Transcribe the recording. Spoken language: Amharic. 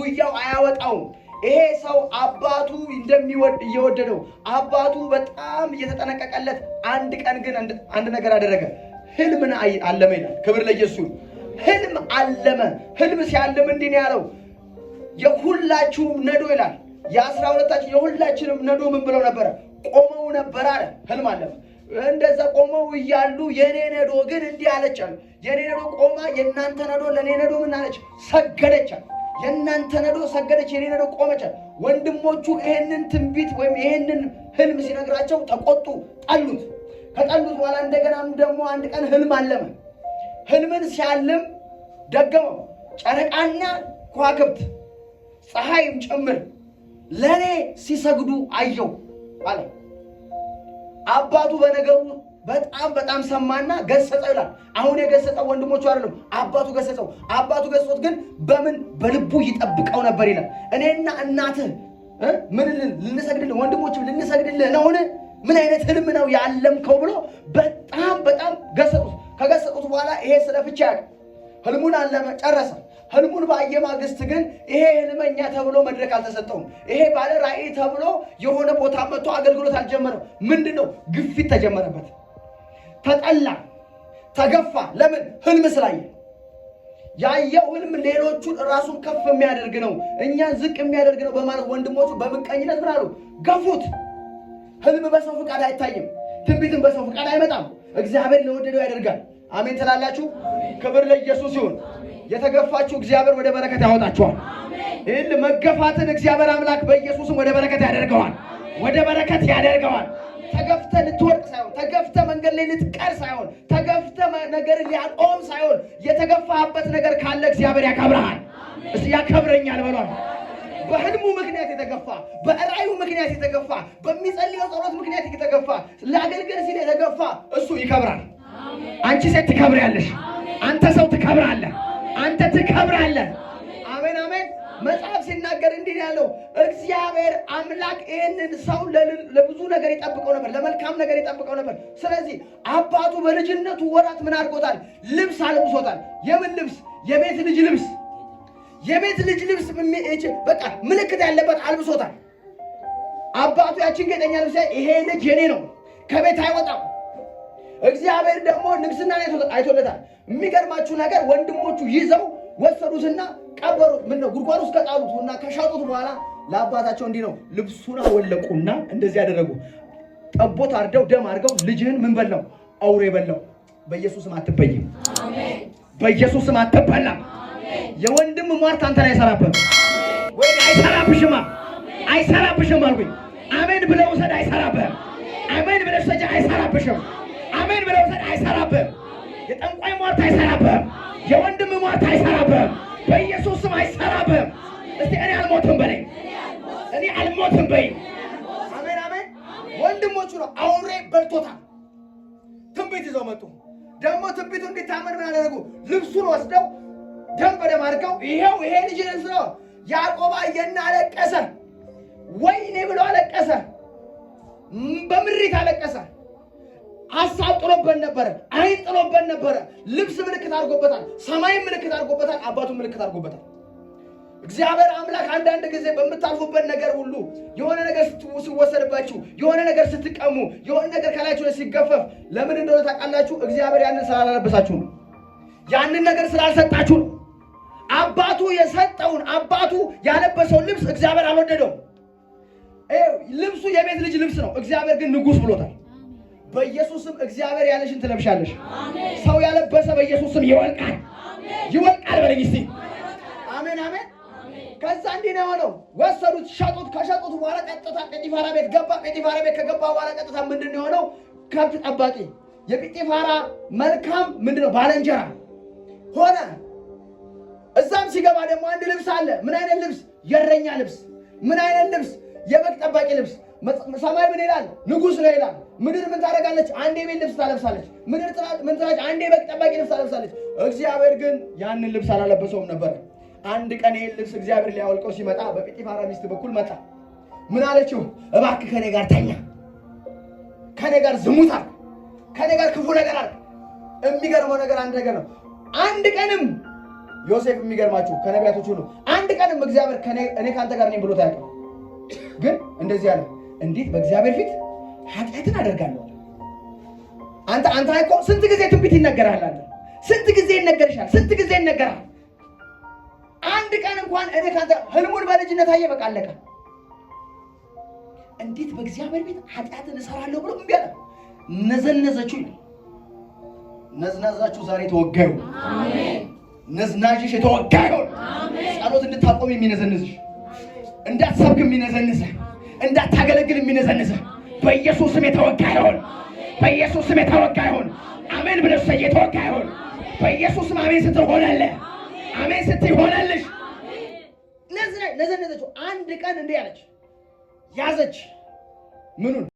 ከጉያው አያወጣውም። ይሄ ሰው አባቱ እንደሚወድ እየወደደው አባቱ በጣም እየተጠነቀቀለት፣ አንድ ቀን ግን አንድ ነገር አደረገ። ህልምን አለመ ይላል። ክብር ለኢየሱስ። ህልም አለመ። ህልም ሲያልም እንዲህ ነው ያለው፣ የሁላችሁም ነዶ ይላል። የአስራ ሁለታችን የሁላችንም ነዶ ምን ብለው ነበረ? ቆመው ነበር አለ። ህልም አለመ። እንደዛ ቆመው እያሉ የኔ ነዶ ግን እንዲህ አለች አለ። የኔ ነዶ ቆማ የእናንተ ነዶ ለእኔ ነዶ ምን አለች? ሰገደች አለ። የእናንተ ነዶ ሰገደች፣ የኔ ነዶ ቆመች። ወንድሞቹ ይህንን ትንቢት ወይም ይህንን ህልም ሲነግራቸው ተቆጡ፣ ጠሉት። ከጠሉት በኋላ እንደገናም ደግሞ አንድ ቀን ህልም አለመ። ህልምን ሲያልም ደገመው። ጨረቃና ከዋክብት ፀሐይም ጭምር ለእኔ ሲሰግዱ አየው አለ። አባቱ በነገሩ በጣም በጣም ሰማና ገሰጸው ይላል። አሁን የገሰጸው ወንድሞቹ አይደለም አባቱ ገሰጸው። አባቱ ገሰጾት ግን በምን በልቡ ይጠብቀው ነበር ይላል። እኔና እናትህ ምን ልንሰግድልህ፣ ወንድሞችም ልንሰግድልህ ነውን? ምን አይነት ህልም ነው ያለምከው ብሎ በጣም በጣም ገሰጡት። ከገሰጡት በኋላ ይሄ ስለፍቻ ፍቺ ህልሙን አለመ ጨረሰ። ህልሙን ባየ ማግስት ግን ይሄ ህልመኛ ተብሎ መድረክ አልተሰጠውም። ይሄ ባለ ራእይ ተብሎ የሆነ ቦታ መጥቶ አገልግሎት አልጀመረም። ምንድን ነው ግፊት ተጀመረበት። ተጠላ፣ ተገፋ። ለምን? ህልም ስላየ። ያየው ህልም ሌሎቹን ራሱን ከፍ የሚያደርግ ነው፣ እኛን ዝቅ የሚያደርግ ነው በማለት ወንድሞቹ በምቀኝነት ምን አሉ? ገፉት። ህልም በሰው ፍቃድ አይታይም። ትንቢትም በሰው ፍቃድ አይመጣም። እግዚአብሔር ለወደደው ያደርጋል። አሜን ትላላችሁ። ክብር ለኢየሱስ ይሁን። የተገፋችሁ እግዚአብሔር ወደ በረከት ያወጣችኋል። ይህን መገፋትን እግዚአብሔር አምላክ በኢየሱስም ወደ በረከት ያደርገዋል። ወደ በረከት ያደርገዋል። ተገፍተ ልትወድቅ ሳይሆን ተገፍተ መንገድ ላይ ልትቀር ሳይሆን ተገፍተ ነገር ሊያጦም ሳይሆን የተገፋህበት ነገር ካለ እግዚአብሔር ያከብረሃል። እስ ያከብረኛል በሏል። በህልሙ ምክንያት የተገፋ በራእዩ ምክንያት የተገፋ በሚጸልየው ጸሎት ምክንያት የተገፋ ለአገልገል ሲል የተገፋ እሱ ይከብራል። አንቺ ሴት ትከብሪያለሽ። አንተ ሰው ትከብራለህ። አንተ ትከብራለህ። መጽሐፍ ሲናገር እንዲህ ያለው እግዚአብሔር አምላክ ይህንን ሰው ለብዙ ነገር ይጠብቀው ነበር፣ ለመልካም ነገር ይጠብቀው ነበር። ስለዚህ አባቱ በልጅነቱ ወራት ምን አድርጎታል? ልብስ አልብሶታል። የምን ልብስ? የቤት ልጅ ልብስ። የቤት ልጅ ልብስ በቃ ምልክት ያለበት አልብሶታል። አባቱ ያችን ጌጠኛ ልብስ፣ ይሄ ልጅ የኔ ነው፣ ከቤት አይወጣም። እግዚአብሔር ደግሞ ንግስና አይቶለታል። የሚገርማችሁ ነገር ወንድሞቹ ይዘው ወሰዱትና ቀበሩ። ምን ነው ጉድጓድ ውስጥ ከጣሉት እና ከሻጡት በኋላ ለአባታቸው እንዲህ ነው ልብሱን አወለቁና እንደዚህ ያደረጉ ጠቦት አርደው ደም አድርገው ልጅህን ምን በላው? አውሬ በላው። በኢየሱስም አትበይም። በኢየሱስም አትበላም። የወንድም ሟርት አንተ ላይ አይሰራብህም ወይ አይሰራብሽማ፣ አይሰራብሽም አልኩኝ። አሜን ብለህ ውሰድ፣ አይሰራብህም። አሜን ብለህ ውሰድ፣ አይሰራብሽም። አሜን ብለህ ውሰድ፣ አይሰራብህም። የጠንቋይ ሟርት አይሰራብህም። የወንድም ሟርት አይሰራብህም። በኢየሱስ ስም አይሰራብህም። እስቲ እኔ አልሞትም በለኝ፣ እኔ አልሞትም በይ። አሜን አሜን። ወንድሞቹ ነው አውሬ በልቶታል። ትንቢት ይዘው መጡ። ደግሞ ትንቢቱ እንዲታመን ምን አደረጉ? ልብሱን ወስደው ደም በደም አድርገው ይሄው ይሄ ልጅ ልብስ ነው። ያዕቆብ አየና አለቀሰ፣ ወይኔ ብሎ አለቀሰ፣ በምሪት አለቀሰ። ሀሳብ ጥሎበት ነበረ። አይን ጥሎበት ነበረ። ልብስ ምልክት አድርጎበታል። ሰማይ ምልክት አድርጎበታል። አባቱ ምልክት አድርጎበታል። እግዚአብሔር አምላክ አንዳንድ ጊዜ በምታልፉበት ነገር ሁሉ የሆነ ነገር ስትወሰድባችሁ፣ የሆነ ነገር ስትቀሙ፣ የሆነ ነገር ከላያችሁ ላይ ሲገፈፍ ለምን እንደሆነ ታውቃላችሁ? እግዚአብሔር ያንን ስላላለበሳችሁ ነው። ያንን ነገር ስላልሰጣችሁ ነው። አባቱ የሰጠውን አባቱ ያለበሰውን ልብስ እግዚአብሔር አልወደደውም። ልብሱ የቤት ልጅ ልብስ ነው። እግዚአብሔር ግን ንጉሥ ብሎታል። በኢየሱስም እግዚአብሔር ያለሽን ትለብሻለሽ። ሰው ያለበሰ በኢየሱስም ይወልቃል፣ ይወልቃል በለኝ እስቲ። አሜን አሜን። ከዛ እንዲህ ነው የሆነው። ወሰዱት፣ ሸጡት። ከሸጡት በኋላ ቀጥታ ጴጢፋራ ቤት ገባ። ጴጢፋራ ቤት ከገባ በኋላ ቀጥታ ምንድን ነው የሆነው? ከብት ጠባቂ የጴጢፋራ መልካም ምንድን ነው ባለንጀራ ሆነ። እዛም ሲገባ ደግሞ አንድ ልብስ አለ። ምን አይነት ልብስ? የእረኛ ልብስ። ምን አይነት ልብስ? የበግ ጠባቂ ልብስ ሰማይ ምን ይላል? ንጉሥ ነው ይላል። ምድር ምን ታደርጋለች? አንዴ የቤት ልብስ ታለብሳለች። ምድር ምን ትላለች? አንዴ የበግ ጠባቂ ልብስ ታለብሳለች። እግዚአብሔር ግን ያንን ልብስ አላለበሰውም ነበር። አንድ ቀን ይህን ልብስ እግዚአብሔር ሊያወልቀው ሲመጣ በጲጢፋራ ሚስት በኩል መጣ። ምን አለችው? እባክህ ከኔ ጋር ተኛ፣ ከኔ ጋር ዝሙት አለ፣ ከኔ ጋር ክፉ ነገር አለ። የሚገርመው ነገር አንድ ነገር ነው። አንድ ቀንም ዮሴፍ የሚገርማችሁ ከነቢያቶች ሁሉ አንድ ቀንም እግዚአብሔር እኔ ከአንተ ጋር ነኝ ብሎት አያውቅም። ግን እንደዚህ አለ እንዴት በእግዚአብሔር ፊት ኃጢአትን አደርጋለሁ? አንተ አንተ እኮ ስንት ጊዜ ትንቢት ይነገርሃል? አለ። ስንት ጊዜ ይነገርሻል? ስንት ጊዜ ይነገርሃል? አንድ ቀን እንኳን እኔ ካንተ ህልሙን በልጅነት አየ፣ በቃ አለቀ። እንዴት በእግዚአብሔር ቤት ኃጢአትን እሰራለሁ ብሎ እምቢ አለ። ነዘነዘችው ይላል። ነዝናዛችሁ ዛሬ የተወጋዩ ነዝናዥሽ የተወጋዩ ጸሎት እንድታቆም የሚነዘንዝሽ እንዳትሰብክ የሚነዘንዝህ እንዳታገለግል የሚነዘንዝ በኢየሱስ ስም የተወጋ ይሆን። በኢየሱስ ስም የተወጋ ይሆን። አሜን ብለሽ ሰ የተወጋ ይሆን። በኢየሱስ ስም አሜን ስትል ሆነለ። አሜን ስትል ሆነልሽ። ነዘነዘችው። አንድ ቀን እንዲህ ያለች ያዘች ምኑን